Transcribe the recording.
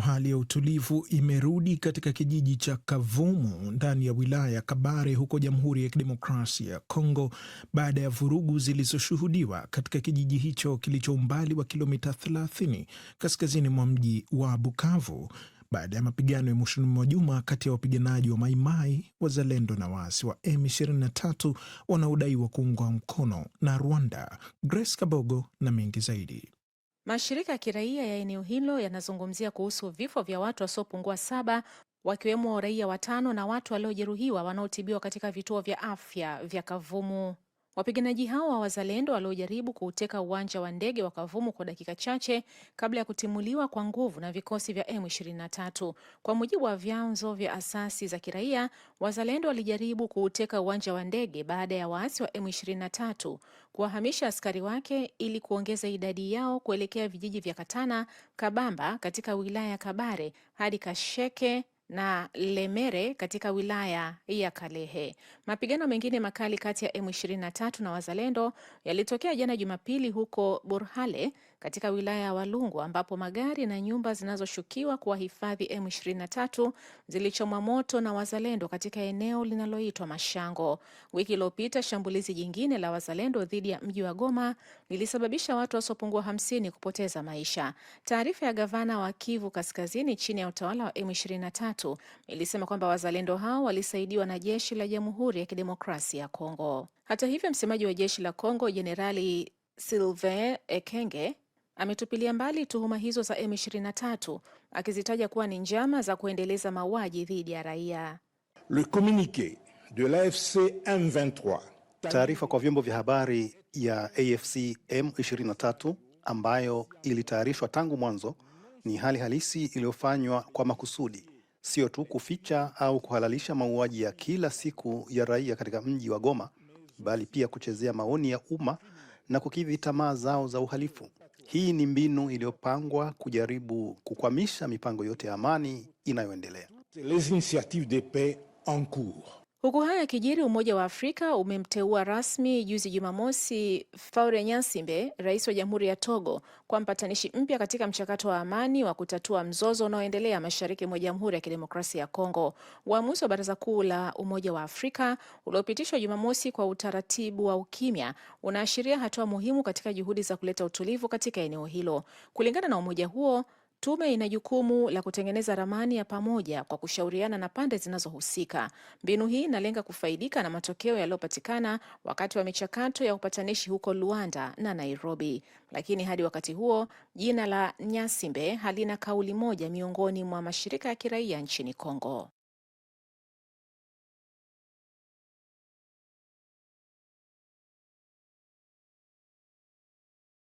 Hali ya utulivu imerudi katika kijiji cha Kavumu ndani ya wilaya ya Kabare huko Jamhuri ya Kidemokrasia ya Kongo baada ya vurugu zilizoshuhudiwa katika kijiji hicho kilicho umbali wa kilomita 30 kaskazini mwa mji wa Bukavu baada ya mapigano ya mwishoni mwa juma kati ya wapiganaji wa Maimai, Wazalendo na waasi wa M23 wanaodaiwa kuungwa mkono na Rwanda. Grace Kabogo na mengi zaidi. Mashirika ya kiraia ya eneo hilo yanazungumzia kuhusu vifo vya watu wasiopungua saba wakiwemo raia watano na watu waliojeruhiwa wanaotibiwa katika vituo vya afya vya Kavumu Wapiganaji hao wa wazalendo waliojaribu kuuteka uwanja wa ndege wa Kavumu kwa dakika chache kabla ya kutimuliwa kwa nguvu na vikosi vya M23. Kwa mujibu wa vyanzo vya asasi za kiraia, wazalendo walijaribu kuuteka uwanja wa ndege baada ya waasi wa M23 kuwahamisha askari wake ili kuongeza idadi yao kuelekea vijiji vya Katana, Kabamba katika wilaya ya Kabare hadi Kasheke na Lemere katika wilaya ya Kalehe. Mapigano mengine makali kati ya M23 na Wazalendo yalitokea jana Jumapili huko Burhale katika wilaya ya Walungu ambapo magari na nyumba zinazoshukiwa kuwahifadhi hifadhi M23 zilichomwa moto na Wazalendo katika eneo linaloitwa Mashango. Wiki iliyopita, shambulizi jingine la Wazalendo dhidi ya mji wa Goma lilisababisha watu wasiopungua hamsini kupoteza maisha. Taarifa ya gavana wa Kivu Kaskazini chini ya utawala wa M23 tatu ilisema kwamba wazalendo hao walisaidiwa na jeshi la Jamhuri ya Kidemokrasia ya Kongo. Hata hivyo, msemaji wa jeshi la Kongo Jenerali Sylvain Ekenge ametupilia mbali tuhuma hizo za M23 akizitaja kuwa ni njama za kuendeleza mauaji dhidi ya raia. Le communique de l'AFC M23. Taarifa kwa vyombo vya habari ya AFC M23 ambayo ilitayarishwa tangu mwanzo ni hali halisi iliyofanywa kwa makusudi sio tu kuficha au kuhalalisha mauaji ya kila siku ya raia katika mji wa Goma, bali pia kuchezea maoni ya umma na kukidhi tamaa zao za uhalifu. Hii ni mbinu iliyopangwa kujaribu kukwamisha mipango yote ya amani inayoendelea. Les initiatives de paix en cours. Huku haya yakijiri, Umoja wa Afrika umemteua rasmi juzi Jumamosi Faure nyasimbe rais wa Jamhuri ya Togo, kwa mpatanishi mpya katika mchakato wa amani wa kutatua mzozo unaoendelea mashariki mwa Jamhuri ya Kidemokrasia ya Kongo. Uamuzi wa Baraza Kuu la Umoja wa Afrika uliopitishwa Jumamosi kwa utaratibu wa ukimya unaashiria hatua muhimu katika juhudi za kuleta utulivu katika eneo hilo. Kulingana na umoja huo Tume ina jukumu la kutengeneza ramani ya pamoja kwa kushauriana na pande zinazohusika. Mbinu hii inalenga kufaidika na matokeo yaliyopatikana wakati wa michakato ya upatanishi huko Luanda na Nairobi. Lakini hadi wakati huo, jina la Nyasimbe halina kauli moja miongoni mwa mashirika ya kiraia nchini Kongo.